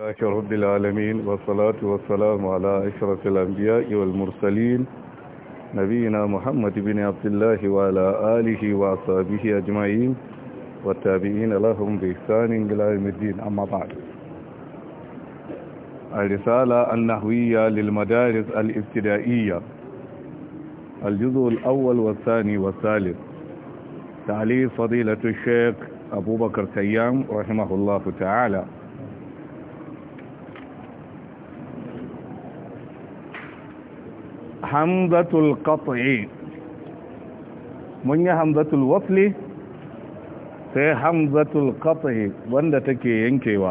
لله رب العالمين والصلاة والسلام على أشرف الأنبياء والمرسلين نبينا محمد بن عبد الله وعلى آله وأصحابه أجمعين والتابعين لهم بإحسان إلى يوم الدين أما بعد الرسالة النحوية للمدارس الابتدائية الجزء الأول والثاني والثالث تعليف فضيلة الشيخ أبو بكر تيام رحمه الله تعالى hamzatul qat'i mun yi hamzatul wasli sai hamzatul qat'i wanda take yankewa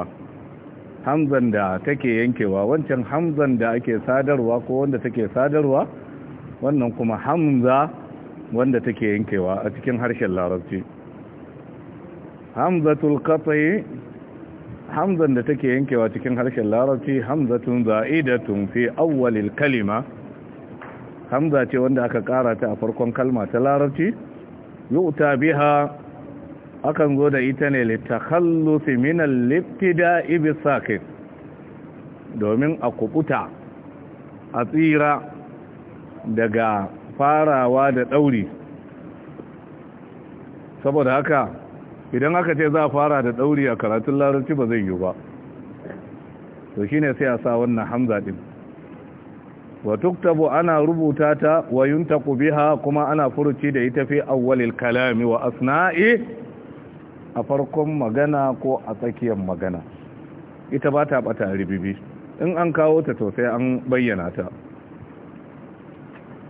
hamzan da take yankewa wancan hamzan da ake sadarwa ko wanda take sadarwa wannan kuma hamza wanda take yankewa a cikin harshen larabci hamzatul qat'i hamzan da take yankewa cikin harshen larabci hamzatun za'idatun fi awwalil kalima hamza ce wanda aka ƙara ta a farkon kalma ta larabci yu'ta biha akan zo da ita ne litakhallusi min al-ibtida'i bisakin domin a kubuta a tsira daga farawa da dauri saboda haka idan aka ce za a fara da dauri a karatun larabci ba zai yi ba to shine sai a sa wannan hamza din. wa tuktabu ana rubuta ta wa yuntaqu biha kuma ana furuci da ita fi awwalil kalami wa asna'i a farkon magana ko a tsakiyar magana ita ba ta bata ribibi in an kawo ta to sai an bayyana ta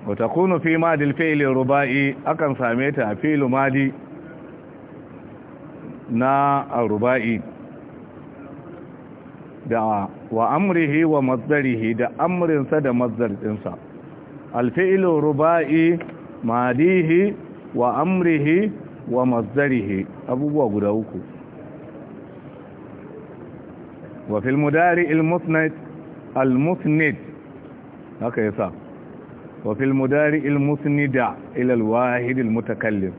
wa takunu fi madil fi'li ruba'i akan same ta a fi'lu madi na ruba'i da wa amrihi wa mazdarihi da amrinsa da mazdar dinsa alfi'ilu ruba'i madihi wa amrihi wa mazdarihi abubuwa guda uku wa fil mudari al-musnad al-musnid haka yasa wa fil mudari al-musnida ila al-wahid al-mutakallim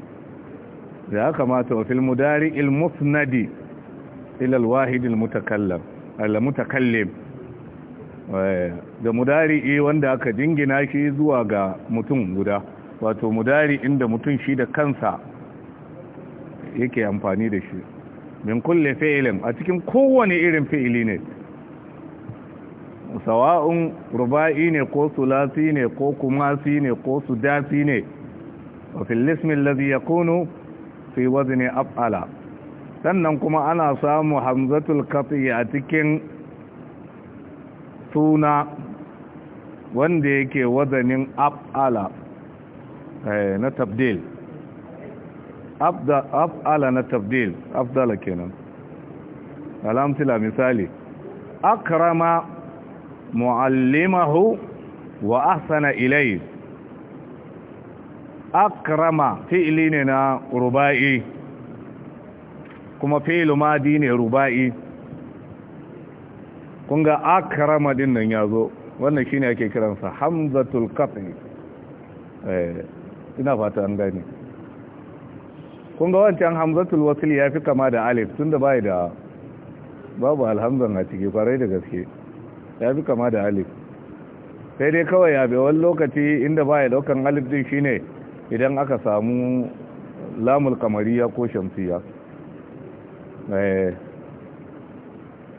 da kamata wa fil mudari al-musnadi ila al-wahid al-mutakallim al-mutakallim eh, da mudari'i wanda aka jingina shi zuwa ga mutum guda wato mudari inda mutum shi da kansa yake amfani da shi min kulle fi'ilin a cikin kowane irin fi'ili ne sawa'un ruba'i ne ko sulasi ne ko kumasi ne ko sudasi ne wa fil ismi alladhi yakunu fi wazni af'ala sannan kuma ana samu hamzatul katsi a cikin suna wanda yake wazanin af'ala eh, na tabdil af'ala na tabdil afdala kenan alamtila misali akrama muallimahu wa ahsana ilayhi akrama fi'li ne na ruba'i kuma fi'il madi ne ruba'i kun ga akrama din nan yazo wannan shine ake kiransa hamzatul qat'i eh ina fata an gane kun ga wancan hamzatul wasl yafi kama da alif tunda bai da babu alhamdan a cikin farai da gaske yafi kama da alif sai dai kawai ya bai wani lokaci inda baya daukan alif din shine idan aka samu lamul kamariya ko shamsiya Eh.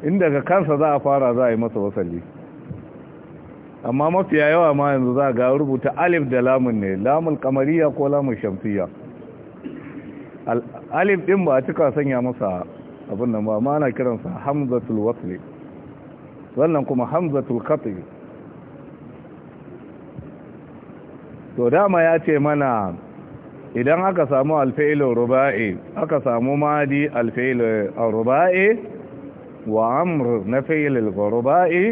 In daga kansa za a fara za a yi masa wasali amma mafiya yawa ma yanzu za ga rubuta alif da lamun ne lamun kamariya ko lamun shamsiya alif din ba a cika sanya masa abin nan ba ma ana kiransa hamzatul wasli wannan kuma hamzatul qati to dama ya ce mana idan aka samu alfailun ruba'i aka samu madi alfailun ruba'i wa amr na ruba'i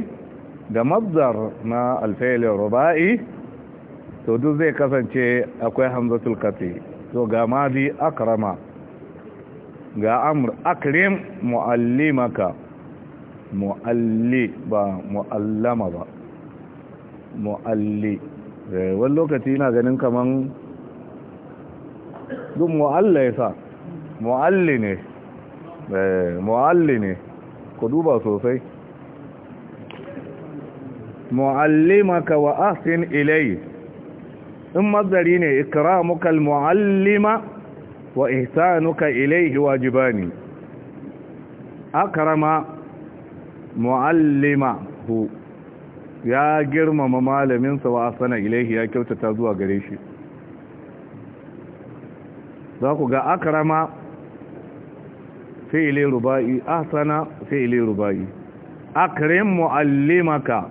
da mabzar na alfailun ruba'i to duk zai kasance akwai hamzatul katsi to ga madi akrama ga amr akrim muallimaka mualli ba muallama ba mualli eh, wani lokaci na ganin kamar duk mu'alla ya sa mu'alli ne eh, mu'alli ne ku duba sosai mu'allimaka wa ahsin ilai in mazari ne ikramuka al wa wa ihsanuka ilayhi wajibani akrama mu'allima hu ya girmama malaminsa wa asana ilaihi ya kyautata zuwa gare shi za ku ga akarama fi'ile ruba'i ahsana fi'ile ruba'i akrim muallimaka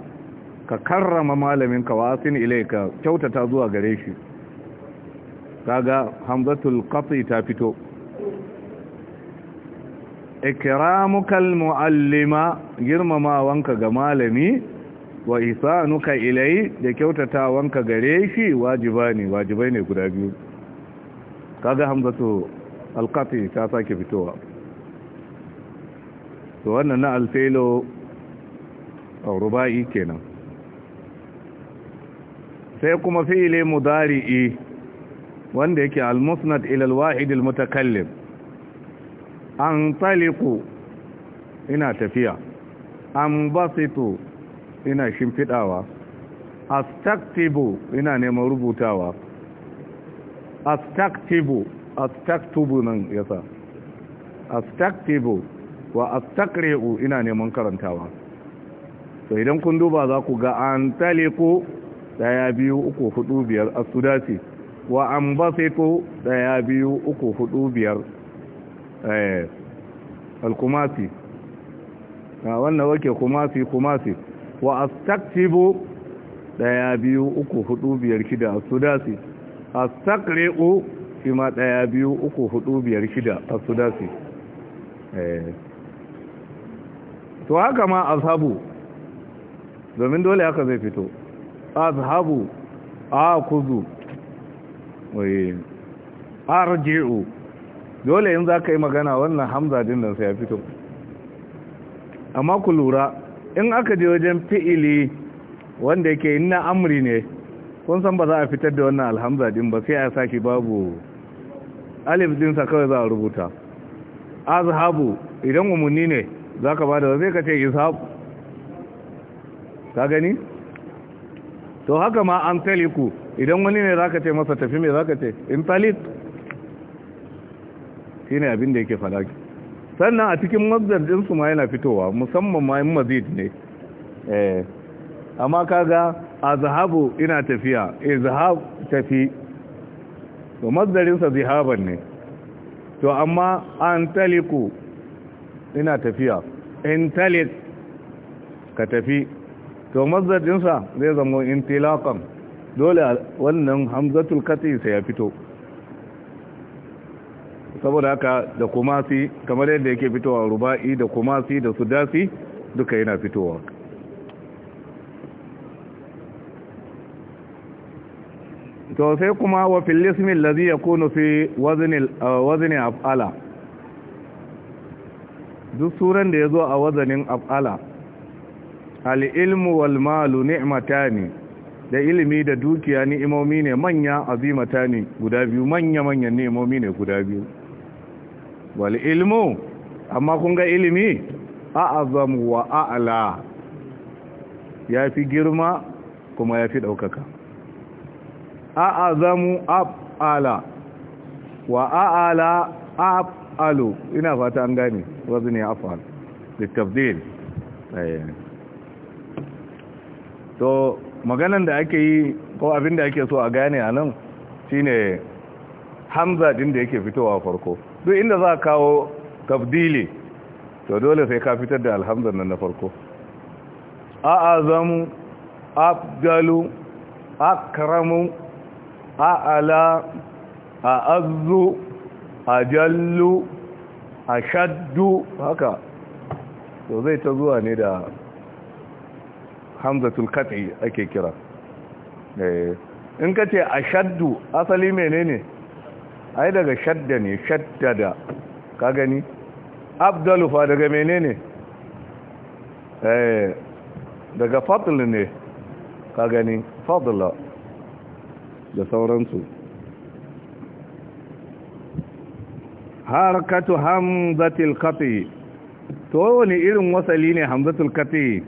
ka karrama malaminka wa asin ka kyautata zuwa gare shi kaga hamzatul qati ta fito ikramukal muallima girmamawanka ga malami wa isanuka ilai da kyautata wanka gare shi wajiba wajibai ne guda biyu kaga hamzatu alqati ta sake fitowa to wannan na a ruba'i kenan sai kuma fi'ili mudari'i wanda yake almusnad ila alwahid almutakallim an taliqu ina tafiya an basitu ina shimfidawa astaktibu ina neman rubutawa astaktibu astaktubu nan yasa astaktibu wa astakri'u ina neman karantawa to idan kun duba za ku ga an taliku daya biyu uku hudu biyar asudati wa an basitu daya biyu uku hudu biyar eh na wannan wake kumasi kumasi wa astaktibu daya biyu uku hudu biyar shida asudati astaqri'u shi ma ɗaya biyu uku hudu biyar shida a sudasi eh. to haka ma azhabu domin dole haka zai fito azhabu kuzu arji'u dole in za ka yi magana wannan hamza din nan sai ya fito amma ku lura in aka je wajen fi'ili wanda yake inna amri ne kun san ba za a fitar da wannan alhamza din ba sai a saki babu alif dinsa kawai za a rubuta azhabu idan umunni ne za ka ba da zai ka ce ishab ka gani to haka ma an taliku idan wani ne za ka ce masa tafi mai za ka ce in talit shi ne abinda yake falaki sannan a cikin mazdar dinsu ma yana fitowa musamman ma in mazid ne eh, amma kaga azhabu ina tafiya izhab tafi to mazdarin sa zihaban ne to amma antaliku ina tafiya in ka tafi to mazdarin sa zai zama intilaqan dole wannan hamzatul kati sai ya fito saboda haka da kumasi kamar yadda yake fitowa ruba'i da kumasi da sudasi duka yana fitowa to sai kuma wa filismin lazi ya yakunu fi uh, wazni af'ala duk suran da zo a wazanin af'ala al'ilmu wal malu ne da ilimi da dukiya ni'imomi ne manya ne guda biyu manya manyan ni'imomi ne guda biyu wal ilmu amma kun ga ilimi a'azam wa a'la ya fi girma kuma ya fi ɗaukaka a'azamu af'ala wa a'ala af'alu ina fata an gane wazni af'al litafdil eh. to maganan da ake yi ko abin da ake so a gane a nan shine hamza din da yake fitowa farko duk inda za kawo tafdili to dole sai ka fitar da alhamdan nan na farko a'azamu afdalu akramu a'ala a'azzu ajallu ashaddu haka to zai ta zuwa ne da hamzatul kat'i ake kira in ka ce ashaddu asali menene ai daga shadda ne shaddada ka gani abdalu fa daga menene daga fadl ne ka gani fadla da sauransu harkatu hamzatul kafi to wani irin wasali ne hamzatul kafi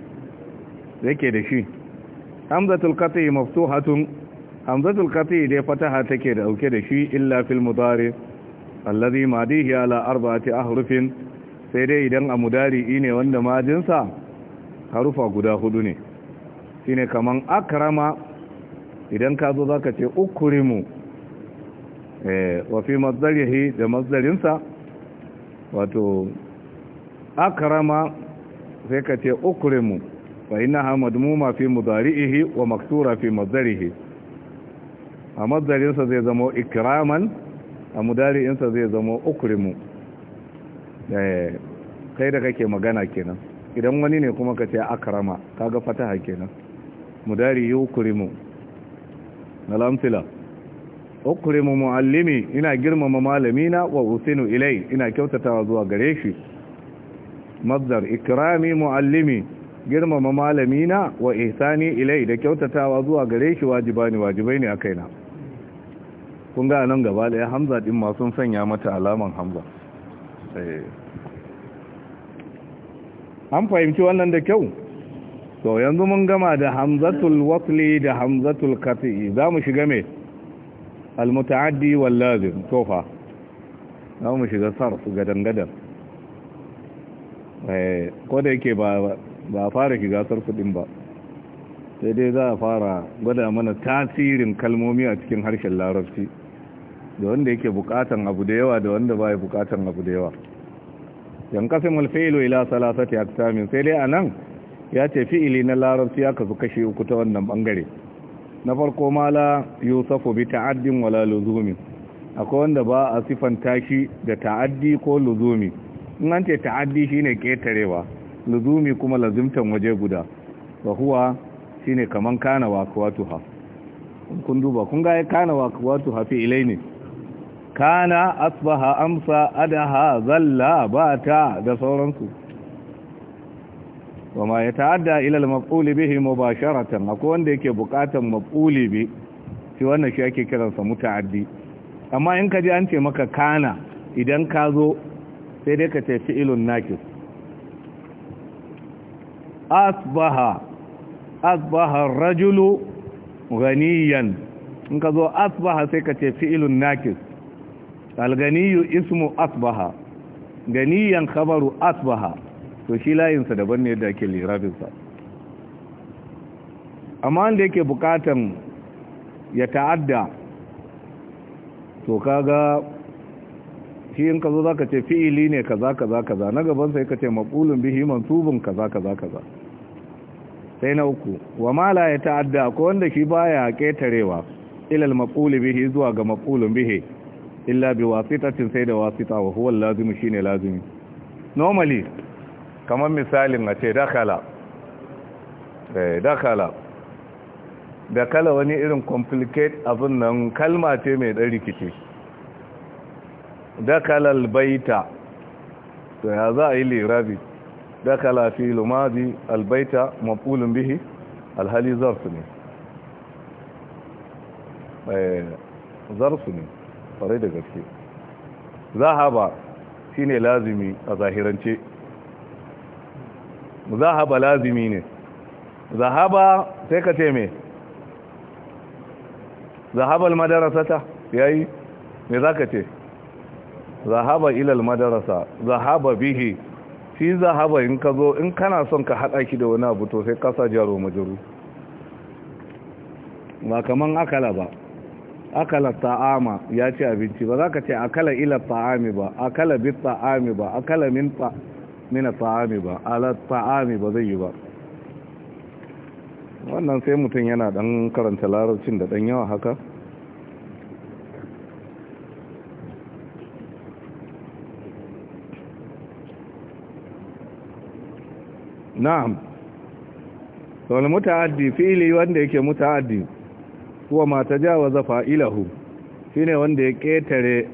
yake da shi hamzatul kafi maftuhatun hamzatul kafi dai fataha take da auke da shi illa fil mudari alladhi madihi ala arba'ati ahrufin sai dai idan a mudari ne wanda majinsa harufa guda hudu ne shine kaman akrama idan ka zo za ka ce ukurimu eh, wafi mazdarihi da mazdarinsa wato akarama sai ka ce ukurimu fa ina hamadu ma fi mudari'ihi wa maktura fi mazdarihi a mazdarinsa zai zama ikiraman a mudari'insa zai zama ukurimu eh, kai da kake magana kenan idan wani ne kuma ka ce akarama kaga fataha kenan mudari yi ukurimu nalamsila ukrimu muallimi ina girmama malamina wa usinu ilai ina kyautatawa zuwa gare shi mazdar ikrami muallimi girmama malamina wa ihsani ilai da kyautatawa zuwa gare shi wajibani wajibai ne a kaina kun ga nan gaba daya hamza din ma sun sanya mata alaman hamza eh. an fahimci wannan da kyau so yanzu mun gama da hamzatul wasli da hamzatul kati za mu shiga me al mutaaddi wal lazim za mu shiga sarf gadan eh ko da yake ba ba fara shiga sarf din ba sai dai za a fara gwada mana tasirin kalmomi a cikin harshen larabci da wanda yake bukatan abu da yawa da wanda ba ya bukatan abu da yawa yan kasimul ila salasati aktamin sai dai anan ya ce fi'ili na larabci ya kasu kashe uku ta wannan bangare na farko mala yusufu bi ta'addin wala luzumi akwai wanda ba a sifanta shi da ta'addi ko luzumi in an ce ta'addi shine ketarewa luzumi kuma lazimtan waje guda wa huwa shine kaman kana ha. kun duba kun ga kana ha fi ilaini kana asbaha amsa adaha zalla bata da sauransu wa ma ya ta'adda ila al mafuli bihi mubasharatan akwai wanda yake bukatan maf'uli bi shi wannan shi ake sa muta'addi amma in ka ji an ce maka kana idan ka zo sai dai ka ce fi'ilun nakis asbaha asbaha rajulu ghaniyan in ka zo asbaha sai ka ce fi'ilun nakis al-ghaniyu ismu asbaha ganiyan khabaru asbaha to shi layinsa daban ne da ake lirabinsa amma wanda yake bukatan ya ta'adda to kaga shi in ka zo za ka ce fi'ili ne kaza kaza kaza na gaban sai ka ce maɓulun bihi ka kaza kaza kaza sai na uku wa mala ya ta'adda ko wanda shi baya ketarewa ilal maquli bihi zuwa ga maqulun bihi illa bi wasitacin sai da wasita wa huwa lazimi shi ne lazimi normally kamar misalin a ce dakala eh, dakala dakala wani irin complicate abin nan kalma ce mai ɗan rikici Dakala albaita. to ya za a yi lirabi dakala fi lumazi albaita mafulun bihi alhali zarsu ne eh, zarsu ne fare da gaske zahaba shine lazimi a zahirance zahaba lazimi ne zahaba sai ka ce me zahabal ta yayi me zaka ce zahaba ilal madarasa zahaba bihi fi zahaba in ka zo in kana son ka hada ki da wani abu to sai kasa jaro majuru ba kaman akala ba akala ta'ama ya ci abinci ba za ka ce akala ila ta'ami ba akala bi ta'ami ba akala min ta'ami mina ta'ami ba ala ta'ami ba zai yi ba wannan sai mutum yana dan karanta larabcin da dan yawa haka na'am wani muta'addi fili wanda yake muta'addi kuwa ma tajawaza fa'ilahu shine wanda ya ketare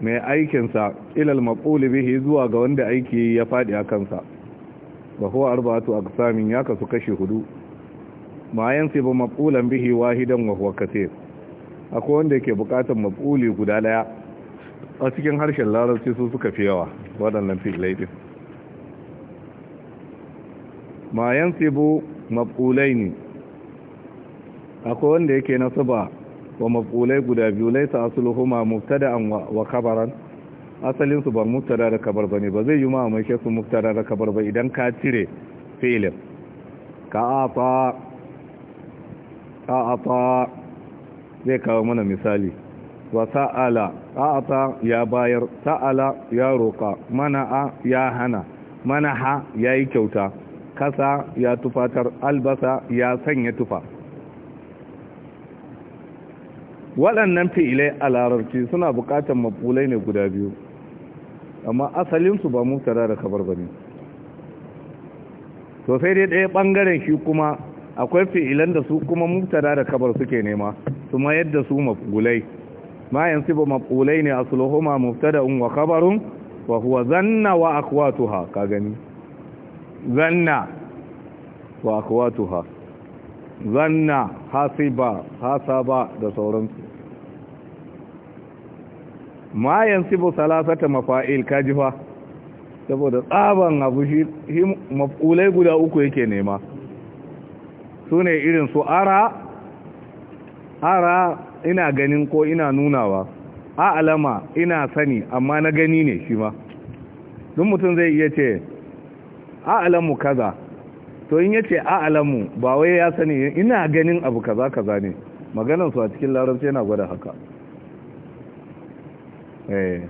mai aikinsa ilal maƙuli bihi zuwa ga wanda aiki ya faɗi a kansa ba huwa arba'atu aqsamin ya kasu kashi hudu ma ba maƙulan bihi wahidan wa huwa katir akwai wanda yake buƙatar maƙuli guda daya a cikin harshen larabci su suka fi yawa waɗannan fi'ilai din ma yansibu ne. akwai wanda yake nasaba wa maf'ulai guda biyu laisa asluhuma mubtada'an wa khabaran asalin su ba mubtada da kabar bane ba zai yi ma mai su mubtada da kabar ba idan ka cire fi'lin ka ata ata zai kawo mana misali wa sa'ala a'ata ya bayar sa'ala ya roka mana'a ya hana manaha yayi kyauta kasa ya tufatar albasa ya sanya tufa waɗannan fi'ilai a larabci suna buƙatar mafulai ne guda biyu amma asalinsu ba mutara da kabar ba ne to sai dai ɗaya ɓangaren shi kuma akwai fi'ilan da su kuma mutara da kabar suke nema su mayar da su mafulai ma yanzu ba mafulai ne asluhuma mubtada'un wa kabarun wa huwa zanna wa akwatuha ka gani zanna wa akwatuha zanna hasiba hasaba da sauransu ma bu salasata mafa'il kajifa saboda tsaban abu shi maf'ulai guda uku yake nema su ne irin su ara ara ina ganin ko ina nunawa a alama ina sani amma na gani ne shi ma mutum zai iya ce a alamu kaza to in yace a'lamu ba wai ya sani ina ganin abu kaza kaza ne maganar su a cikin larabci yana gwada haka eh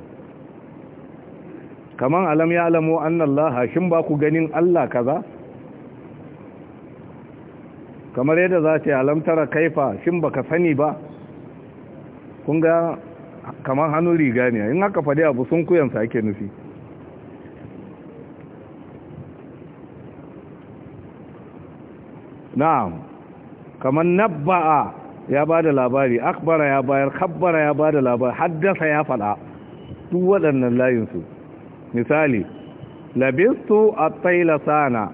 kaman alam ya alamu annallaha shin ba ku ganin Allah kaza kamar yadda za ta alam tara kaifa shin ka sani ba kun ga kamar hannu riga ne in haka fadi abu sun kuyansa ake nufi na'am kamar nabba'a ya ba da labari akbara ya bayar kabbara ya ba da labari haddasa ya faɗa duk waɗannan layinsu misali labistu a sana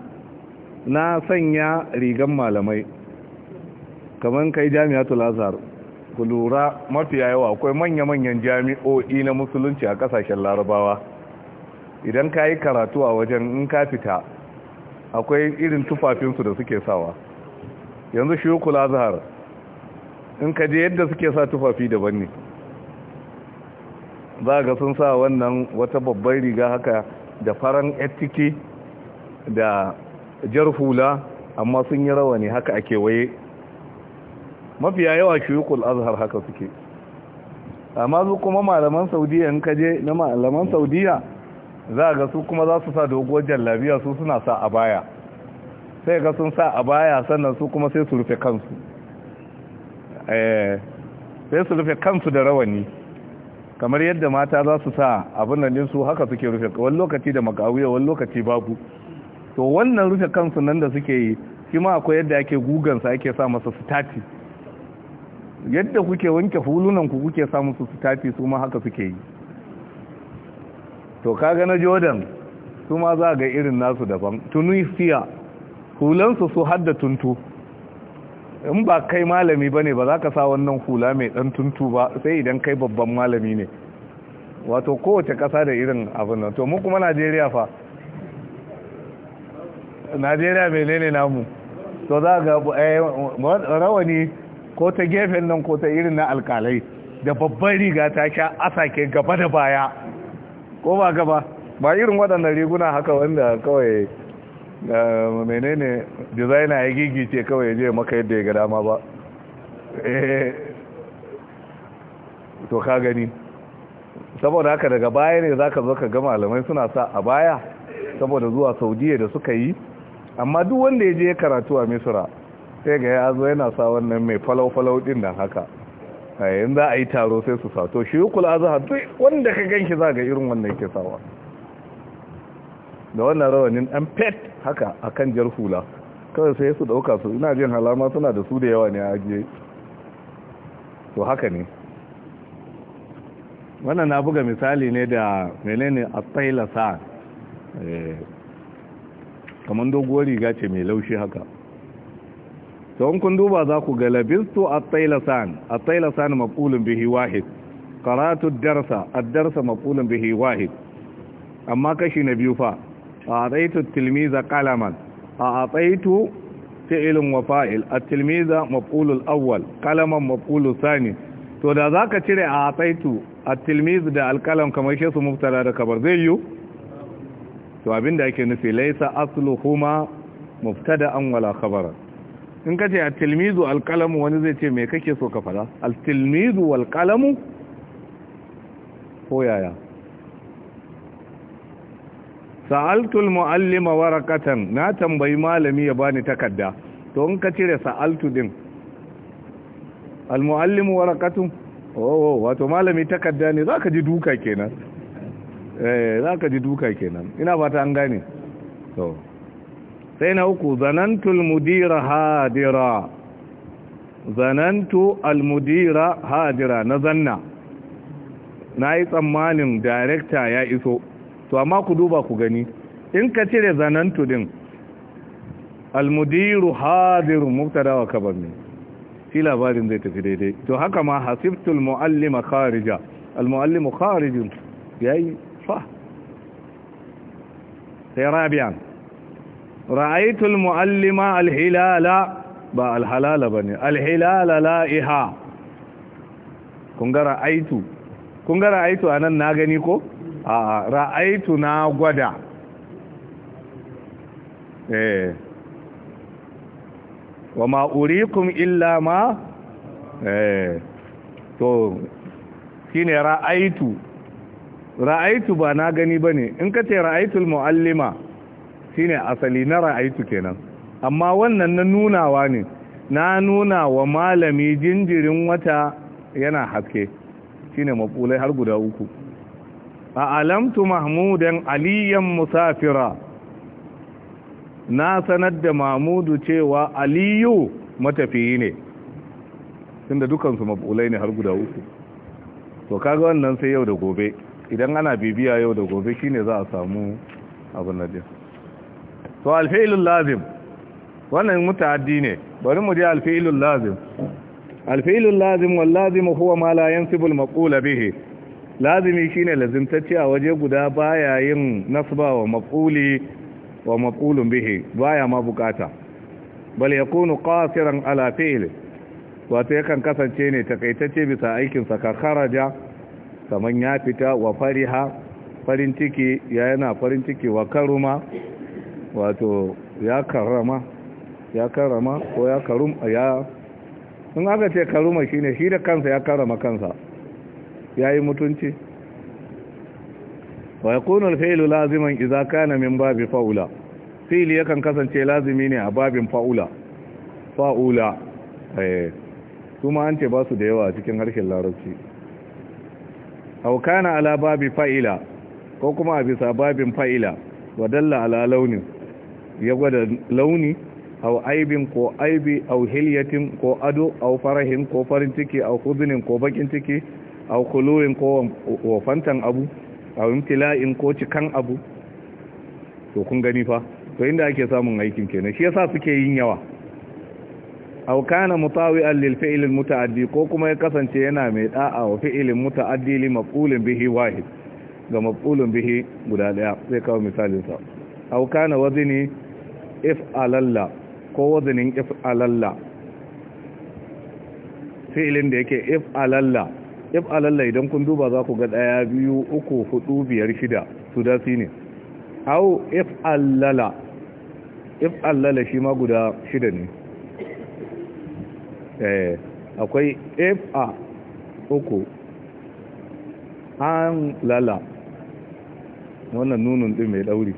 na sanya rigan malamai kamar kai jami'atul azhar ku lura mafiya yawa akwai manya-manyan jami'o'i na musulunci a kasashen larabawa idan ka yi karatu a wajen in ka fita akwai irin tufafinsu da suke sawa yanzu shi kula zahar in ka je yadda suke sa tufafi daban ne za ga sun sa wannan wata babbar riga haka da faran etiki da jar hula amma sun yi rawa ne haka a kewaye mafiya yawa shuyukul azhar haka suke amma su kuma malaman saudiya in kaje na malaman saudiya za ga su kuma za su sa dogon jallabiya su suna sa a baya sai ga sun sa a baya sannan su kuma sai su rufe kansu eh, sai su rufe kansu da rawani kamar yadda mata za su sa abin nan su haka suke rufe wani lokaci da makawiya wani lokaci babu to wannan rufe kansu nan da suke yi shi ma akwai yadda ake gugansa ake sa masa sitati yadda kuke wanke hulunan ku kuke sa musu sitati su ma haka suke yi to kaga na jordan su ma za ga irin nasu daban tunisia hulansu su hadda tuntu in ba kai malami ba ne ba za ka sa wannan hula mai dan tuntu ba sai idan kai babban malami ne wato kowace kasa da irin abin nan to mu kuma najeriya fa najeriya ne namu to za ga eh, rawani ko ta gefen nan ko ta irin na alkalai da babban riga ta sha asake gaba da baya ko ba gaba ba irin waɗannan riguna haka wanda kawai menene designer ya gigice kawai ya je maka yadda ya ga dama ba eh, to ka gani saboda haka daga baya ne za ka zo ka ga malamai suna sa a baya saboda zuwa saudiya da suka yi amma duk wanda ya je karatu a misira sai ga ya zo yana sa wannan mai falau-falau din nan haka yayin eh, za a yi taro sai su sato shi yi kula za a wanda ka ganshi za ga irin wannan ke sawa da wannan rawanin an pet haka a kan jar hula kawai sai su ɗauka su ina jin halama suna da su da yawa ne a ajiye to haka ne wannan na buga misali ne da menene a tsaila sa eh, kamar doguwar riga ce mai laushi haka ta kun duba za ku ga labistu a tailasan at-tailasan maqulun bihi wahid karatu darsa a darsa makulun bihi wahid amma kashi na biyu fa a ataitu tilmiza kalaman a ataitu fi'ilin wa fa'il at-tilmiza maf'ulul awwal kalaman maf'ulul sani to da zaka cire a ataitu at-tilmiz da al-kalam kamar shi su mubtada da kabar zai yi to abinda yake nufi laysa asluhuma mubtada'an wala khabara in kace a tilmizu al wani zai ce me kake so ka fada al-tilmizu wal-qalamu sa'altul muallima warakatan na tambayi malami ya bani takarda to in ka cire sa'altu din al muallimu warakatun oh wato malami takarda ne zaka ji duka kenan eh zaka ji duka kenan ina fata an gane to sai na uku zanantul mudira hadira zanantu mudira hadira na zanna na yi tsammanin darekta ya iso to amma ku duba ku gani in ka cire zanantu din almudiru hadiru, muktada wa kabar ne shi labarin zai tafi daidai to haka ma hasibtul muallima kharija almuallimu ya yayi fa sai rabi'an ra'aytul muallima alhilala ba alhalala bane alhilala la'iha kun ga ra'aytu kun ga ra'aytu anan na gani ko a ra'aitu na gwada eh wa ma urikum illa ma eh to shine ra'aitu ra'aitu ba na gani bane in ka ce ra'aitul muallima shine asali na ra'aitu kenan amma wannan na nunawa ne na nuna wa malami jinjirin wata yana haske shine mafulai har guda uku alamtu mahmudan aliyan musafira na sanar da mahmudu cewa aliyu matafiyi ne da dukansu mafulai ne har guda uku to kaga wannan sai yau da gobe idan ana bibiya yau da gobe shine za a samu abin da to alfi'ilul lazim wannan mutaaddi ne bari mu je alfi'ilul lazim alfi'ilul lazim wal lazim huwa ma la yansibu al maqula bihi lazimi shine lazimtacce a waje guda baya yin nasba wa maquli wa maqulun bihi baya ma bukata bal yakunu qasiran ala fi'li wato yakan kasance ne takaitacce bisa aikin sa ka kharaja kaman ya fita wa fariha farin ciki ya yana farin ciki wa karuma wato ya karama ya karama ko ya karum ya in aka ce karuma shine shi da kansa ya karama kansa ya yi mutunci wa ya kuna alfailu laziman iza kana min babi fa'ula fili yakan kasance lazimi ne a babin fa'ula fa'ula kuma eh. an ce ba su da yawa a cikin harshen larabci haukana ala babi fa'ila ko kuma a bisa babin fa'ila wadalla ala launin ya gwada launi au aibin ko aibi au hilyatin ko ado au farahin ko farin ciki au kuzinin ko bakin ciki a kuluwin ko wafantan abu au in ko cikan abu to kun gani fa to inda ake samun aikin kenan shi yasa suke yin yawa aw kana mutawi'an lil fi'l al muta'addi ko kuma ya kasance yana mai da'a wa fi'l muta'addi li maf'ulin bihi wahid ga maf'ulin bihi guda daya sai kawo misalin sa aw kana wazni if'alalla ko if if'alalla fi'lin da yake if'alalla if alalla idan kun duba za ku ga ɗaya biyu uku hudu biyar shida su da su ne au if allala if allala shi ma guda shida ne eh akwai if a uku an lala wannan nunun ɗin mai ɗauri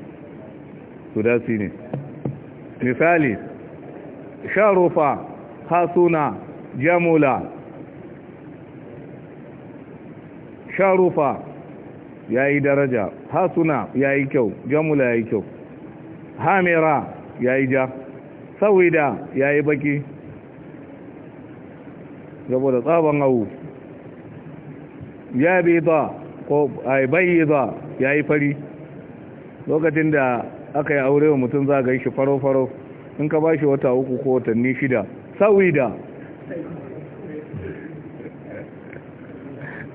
su da su ne misali ha hasuna jamula sharufa ya yi daraja hasuna ya yi kyau jamula ya yi kyau hamira ya yi ja Sa'uida ya yi baki da tsaban awu ya bi ba ko bayi ba ya yi fari lokacin da aka yi aure wa mutum za ga shi faro-faro in ka ba shi wata uku ko watanni shida Sa'uida.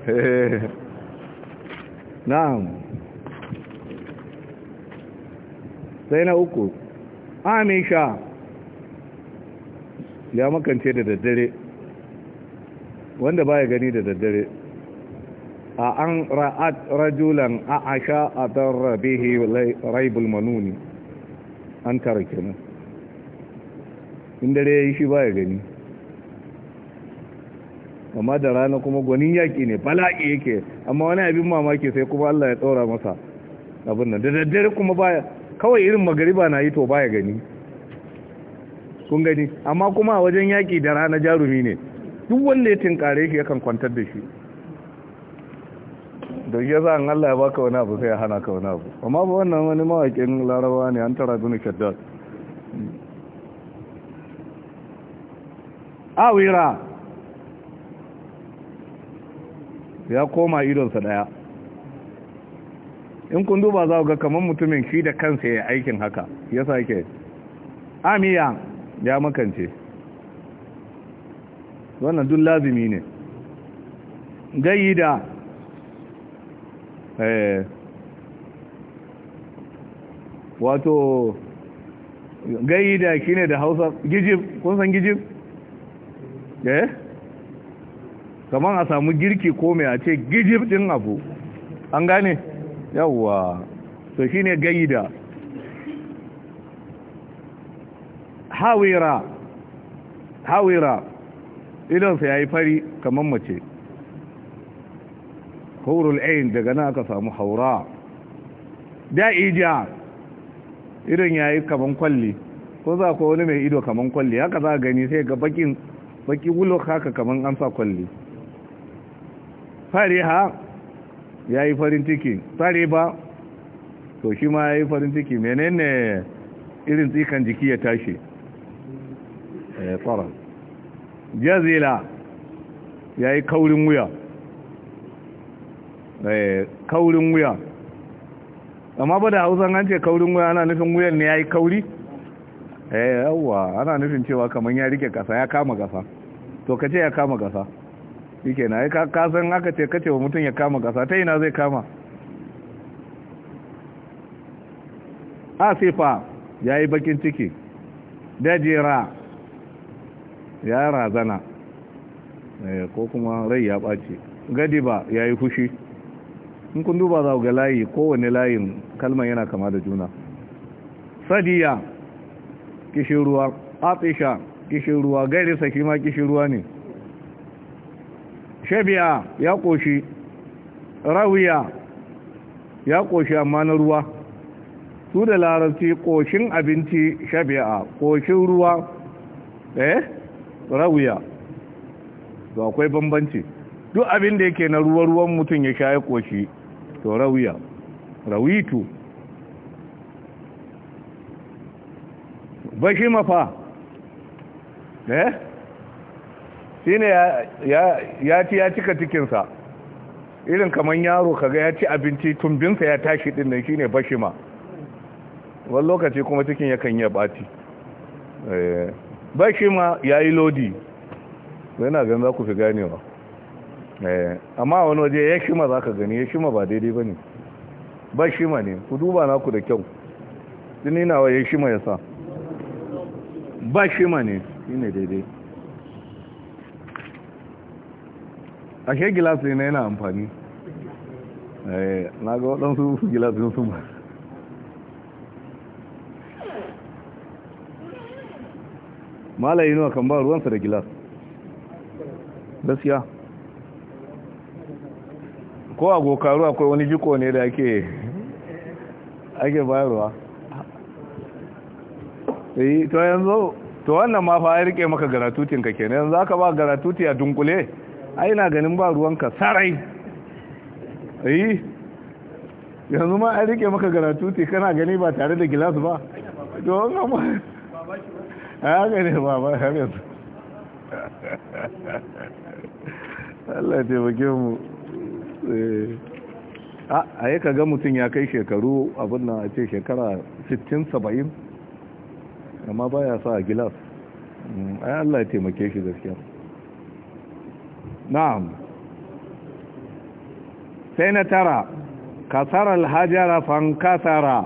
na'am sai na uku amisha ya makance da daddare wanda baya gani da daddare a an ra'at rajulan a asha a tarra bihi raibul manuni an tara kenan inda dare ya yi shi baya gani amma da rana kuma gwanin yaƙi ne bala'i yake amma wani abin mamaki sai kuma Allah ya tsora masa abin nan da daddare kuma baya kawai irin magariba na yi to baya gani kun gani amma kuma a wajen yaƙi da rana jarumi ne duk wanda ya tinkare shi yakan kwantar da shi da shi yasa an Allah ya baka wani abu sai ya hana ka wani abu amma ba wannan wani mawakin larabawa ne an tara bin shaddad hmm. awira ya koma idonsa daya in kun duba za ga kamar mutumin shi da kansa ya aikin haka ya sake amiya ya makance wannan dun lazimi ne gayi da eh, wato gayi da shine da hausa gijib kun san gijib eh kamar a samu girki ko mai a ce gijib din abu an gane yawwa to ne gaida hawira hawira idansa ya yi fari kamar mace hurul ayin daga na aka samu haura da'ija idan ya yi kamar kwalli ko za ku wani mai ido kamar kwalli haka za a gani sai ga bakin baki wulo haka kamar an sa kwalli ha ya yi farin ciki fariba to shi ma ya yi farin ciki menene irin tsikan jiki ya tashi tsara eh, jazila ya yi kaurin wuya eh, kaurin wuya amma ba da hausan an ce kaurin wuya ana nufin wuyan ne ya yi kauri eh, yawwa ana nufin cewa kamar ya rike kasa ya kama kasa to ka ce ya kama kasa shike na kasan aka ce kace wa mutum ya kama kasa ta ina zai kama asifa ya yi bakin ciki dajera ya razana eh, ko kuma rai ya ɓace gadi ba ya yi fushi in kun duba za ga layi kowane layin kalman yana kama da juna sadiya kishin ruwa atisha kishin ruwa gairisa shi ma kishin ruwa ne shabi'a ya ƙoshi rawiya ya ƙoshi amma na ruwa su da larabci ƙoshin abinci shabi'a ƙoshin ruwa eh rawiya to akwai bambanci duk abin da yake na ruwa-ruwan mutum ya sha ya ƙoshi to rawiya rawitu bashi mafa eh shi ne ya ci ya cika cikinsa irin kamar yaro kaga ya ci abinci tumbinsa ya tashi din nan shi ne bashima wani lokaci kuma cikin yakan ya ɓaci eh, bashima ya yi lodi yana gan za ku fi ganewa eh, amma wani waje ya shima za ka gani ya shima ba daidai ba ne bashima ne ku duba naku da kyau tuninawa ya shima ya sa bashima ne shi ne daidai ashe gilasi ne yana amfani eh, na ga waɗansu gilasin sun ba malayi nuna kan ba ruwansa da gilas gaskiya ko a gokaru akwai wani jiko ne da ake ake bayarwa eh, to yanzu to wannan ma fa ya rike maka garatutinka kenan yanzu aka ba garatuti a dunkule ai ina ganin ba ruwanka sarai yi yanzu ma an rike maka te kana gani ba tare da gilas ba don amma ya gani ba ba har yanzu Allah ya taimake mu eh, a yi kaga mutum ya kai shekaru abin na a ce shekara 60-70 amma ba ya sa a gilas mm, ai Allah ya taimake shi gaskiya na'am sai na tara kasarar hajjara fankasara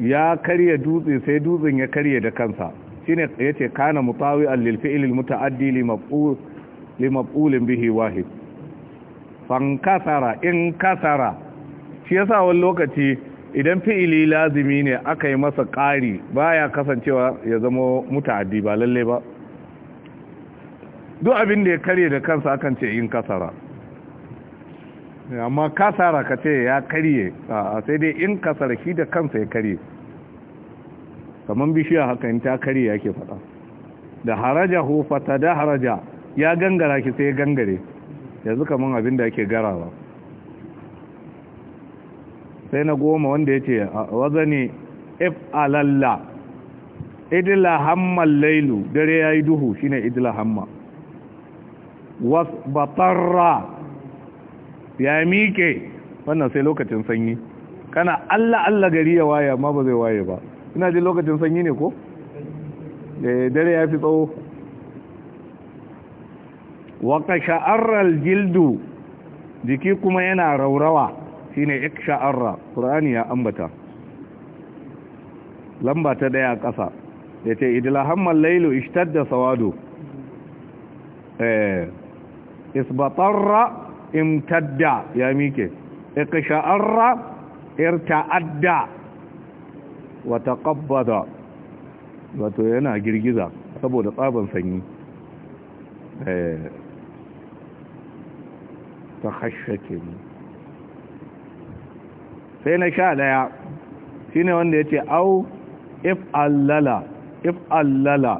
ya karya dutse sai dutsen ya karye da kansa shine yace kana mutawi al fi'l al mutaaddi li maf'ul li maf'ulin bihi wahid fankasara in kasara shi yasa wani lokaci idan fi'ili lazimi ne aka yi masa ƙari baya kasancewa ya zama mutaaddi ba lallai ba duk abin da ya kare da kansa akan ce in kasara amma kasara ka ce ya karye a sai dai in kasara shi da kansa ya karye kamar bishiya haka in ta karye ke fada da haraja hufata da haraja ya gangara ki sai ya gangare yanzu kamar abin da gara garawa sai na goma wanda ya ce wazani if alalla idila hamman lailu dare ya yi duhu shi ne idila hamman wasbatarra ya mike wannan sai lokacin sanyi kana Allah Allah gari ya waye amma ba zai waye ba ina ji lokacin sanyi ne ko eh, dare ya fi tsawo waka sha'arar jildu jiki kuma yana raurawa shine ik sha'arra ya ambata lamba ta daya ƙasa ya ce idilahamman lailu ishtadda sawado eh اثبطر امتد يا ميكي اقشأر ارتأد وتقبض باتو ينا جرجزا سبو لقابا فني تخشكني فين شاء ليا فين وان يتي او افعل للا افعل للا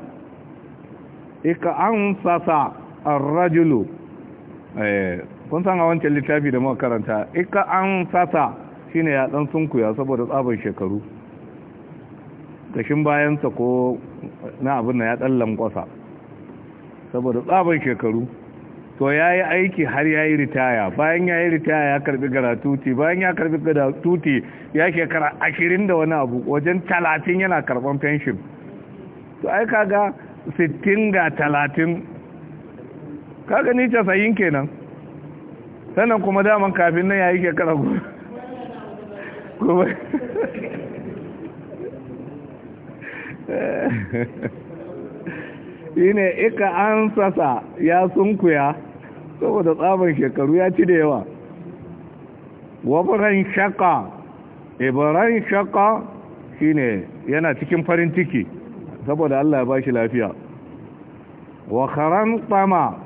اقعنصص الرجل Eh, kun san a wancan littafi da muka karanta ika an sasa shine ya dan sunkuya saboda tsabar shekaru kashin bayansa ko na abin da ya dan lankwasa saboda tsabar shekaru to ya yi aiki har ya yi ritaya bayan ya yi ritaya ya karbi gara tuti bayan ya karbi gara tuti ya shekara ashirin da wani abu wajen talatin yana karban fenshin to ai kaga sittin ga talatin ka gani casa'in kenan sannan kuma daman kafin nan ya yi shekara kuma yi ne ika an sasa ya sunkuya saboda tsabar shekaru ya ci da yawa wabiran shaka ibiran shaka shine yana cikin farin ciki saboda Allah ya bashi shi lafiya wakaran tsama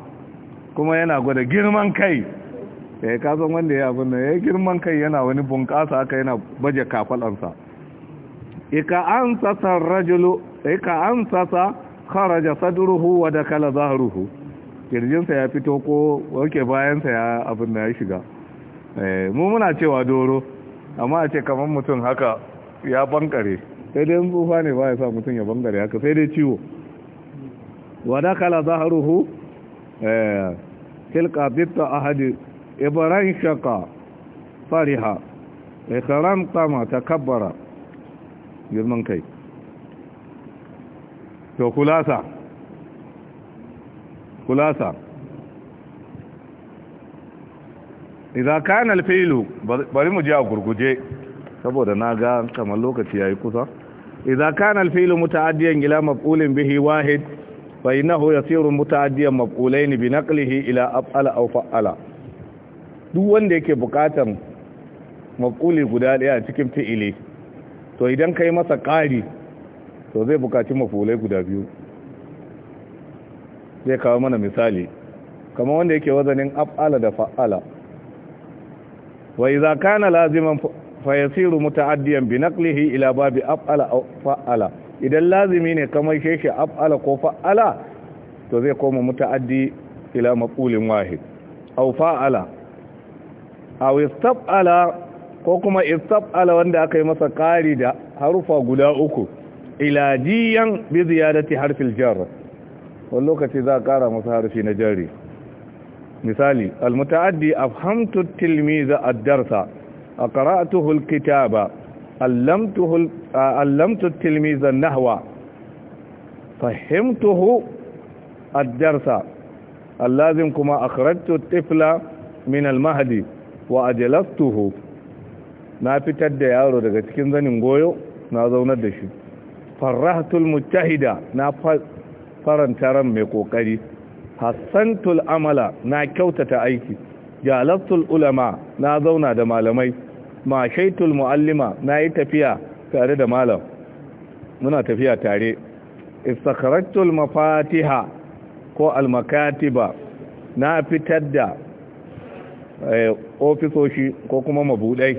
kuma yana gwada girman kai ya eh, kasan wanda ya abin da ya girman kai yana wani bunƙasa aka yana baje kafalansa ika an sasa rajulu ika an sasa kharaja sadruhu wa dakala zahruhu kirjinsa ya fito ko wake bayansa ya abin da ya shiga eh, mu muna cewa doro amma a ce kamar mutum haka ya bankare sai dai tsufa ne ba ya sa mutum ya bankare haka sai dai ciwo wa dakala zahruhu eh tilka bitta ahadi ibaran shaka fariha ikaran tama takabbara girman kai to kulasa kulasa idan kana alfilu bari mu je a gurguje saboda na ga kamar lokaci ya yi kusa idan kana alfilu adiyan ila maf'ulin bihi wahid fa innahu yasiru mutaaddiyan maf'ulaini bi naqlihi ila af'ala aw fa'ala duk wanda yake bukatan maf'uli guda daya a cikin fi'ili to idan kai masa ƙari to zai bukaci maf'ulai guda biyu zai kawo mana misali kamar wanda yake wazanin af'ala da fa'ala wa idza kana laziman fa yasiru mutaaddiyan bi naqlihi ila babi af'ala aw fa'ala idan lazimi ne kamar sheshe af'ala ko fa'ala to zai koma muta'addi ila maqulin wahid aw fa'ala aw istaf'ala ko kuma istaf'ala wanda aka yi masa kari da harufa guda uku ilajiyan bi ziyadati harfil jar wani lokaci za a kara masa harfi na jari misali al-muta'addi almuta'addi afhamtu tilmiza ad-darsa aqra'tuhu al-kitaba allamtu tilmizan nahwa fahimtuhu addarsa allazim kuma akhrajtu tifla min almahdi wa ajlastuhu na fitar da yaro daga cikin zanin goyo na zaunar da shi farahtul mujtahida na faranta ran mai kokari hassantul amala na kyautata aiki jalabtul ulama na zauna da malamai ma shaitul muallima yi tafiya tare da malam muna tafiya tare istakharatul mafatiha ko almakatiba na fitar da eh, ofisoshi ko kuma mabudai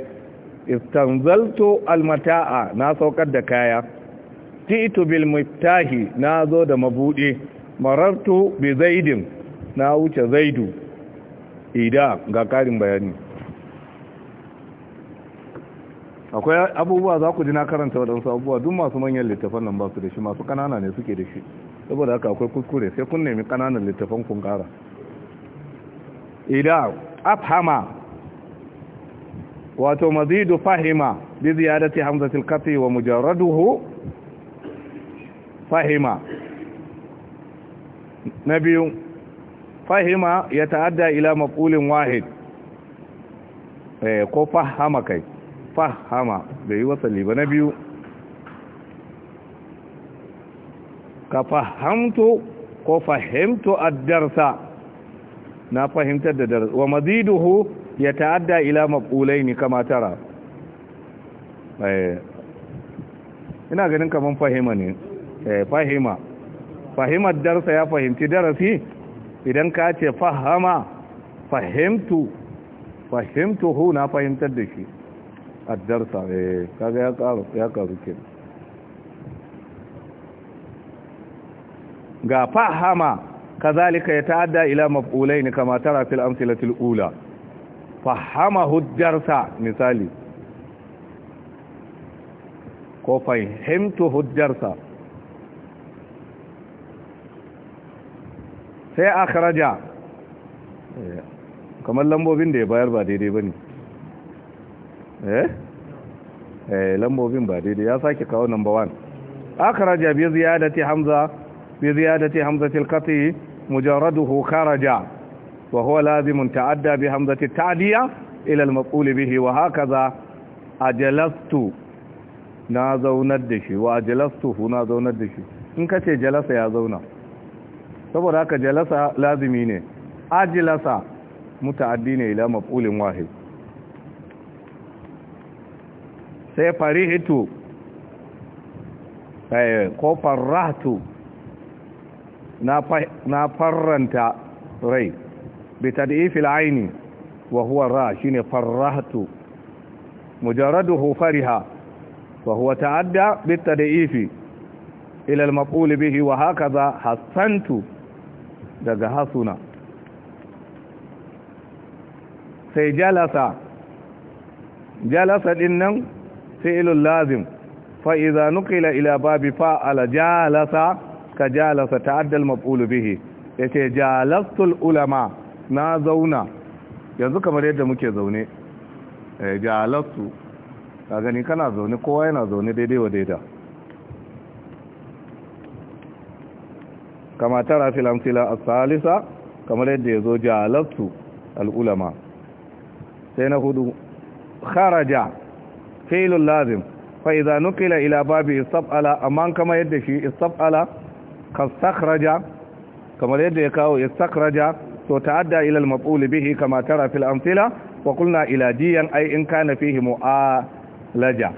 istanzaltu almata'a na saukar da kaya titu bil miftahi na zo da mabudi marartu bi zaidin na wuce zaidu ida ga karin bayani akwai abubuwa za ku ji na karanta waɗansu abubuwa duk masu manyan littafan nan ba su da shi masu ƙanana ne suke da shi saboda haka akwai kuskure sai kun nemi ƙananan littafan kun ƙara ida afhama wato mazidu fahima bi ziyadati hamzatil kafi wa mujarraduhu fahima na biyu fahima ya ta'adda ila maqulin wahid eh ko fahama kai fahama da yi wasali ba na biyu ka fahamto ko fahimto addarsa na fahimtar da darsa wa maziduhu ya ta'adda ila maqulai ne kama tara eh, ina ganin kaman fahima ne eh, fahima fahimar darsa ya fahimci darasi idan ka ce fahama fahimtu fahimtuhu na fahimtar da shi addarsa ne eh, kaga ya karu ya karu ke ga fahama kazalika ya ta'adda ila maf'ulain kama tara fil amsalati al-ula fahama hujjarsa misali ko fahimtu hujjarsa sai akhraja eh, kamar lambobin da ya bayar ba daidai bane Eh? eh lambobin ba daidai ya sake kawo number 1 akhraja bi ziyadati hamza bi ziyadati hamzati alqati qati mujaraduhu kharaja wa huwa lazim ta'adda bi hamzati ta'diya ila almaqul bihi wa hakaza ajalastu na zaunar da shi wa ajalastu na zaunar da shi in kace jalasa ya zauna saboda haka jalasa lazimi ne ajalasa muta'addi ne ila maqulin wahid sai farihitu eh, ko farrahtu na farranta rai bi tadifil aini wa huwa ra shine farrahtu mujarradu fariha wa huwa ta'adda bi da ifi. al-maqul bihi wa za, Hassantu daga hasuna sai jalasa jalasa din nan fi'ilun lazim Fa'iza idza nuqila ila babi fa'ala jalasa ka jalasa ta'adda al-maf'ul bihi yace jalastul ulama na zauna yanzu kamar yadda muke zaune eh jalastu ka gani kana zaune kowa yana zaune daidai wa daida kama tara fil amsila salisa kamar yadda yazo jalastu al-ulama sai na hudu kharaja fi'lul lazim fa idza nuqila ila babi istaf'ala amma kama yadda shi istaf'ala kastakhraja kamar yadda ya kawo istakhraja to ta'adda ila al-maf'ul bihi kama tara fil amthila wa qulna ila diyan ay in kana fihi mu'alaja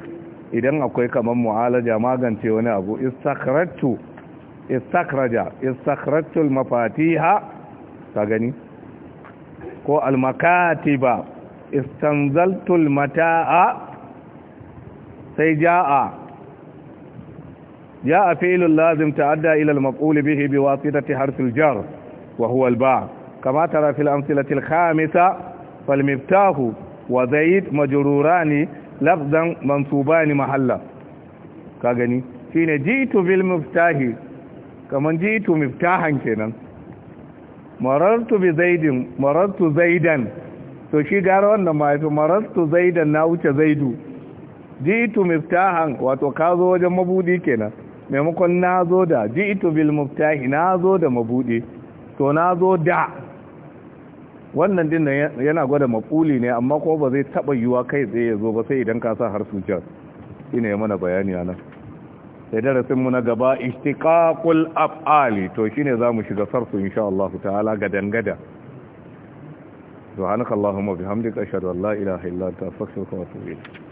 idan akwai kaman mu'alaja magance wani abu istakhrajtu istakhraja istakhrajtu al-mafatiha ka gani ko al-makatiba istanzaltu al-mata'a sai ja'a ja'a fi'lun lazim ta'adda ila al-maf'ul bihi bi wasitati harfil jar wa huwa al-ba' kama tara fil amthilati al-khamisa fal miftahu wa zaid majrurani lafzan mansubani mahalla ka gani shine jitu bil miftahi kaman jitu miftahan kenan marartu bi zaidin marartu zaidan to shi gara wannan ma. mahaifi marartu zaidan na wuce zaidu ito miftahan wato ka zo wajen mabudi kenan maimakon na zo da ito bil miftahi na zo da mabudi to na zo da wannan din yana gwada makuli ne amma ko ba zai taba yiwa kai tsaye ya zo ba sai idan ka sa har suciya ina ya mana bayani anan sai darasin mu na gaba istiqaqul af'ali to shine zamu shiga sarfu insha Allah ta'ala ga dangada subhanakallahumma bihamdika ashhadu an la ilaha illa anta astaghfiruka wa atubu ilayk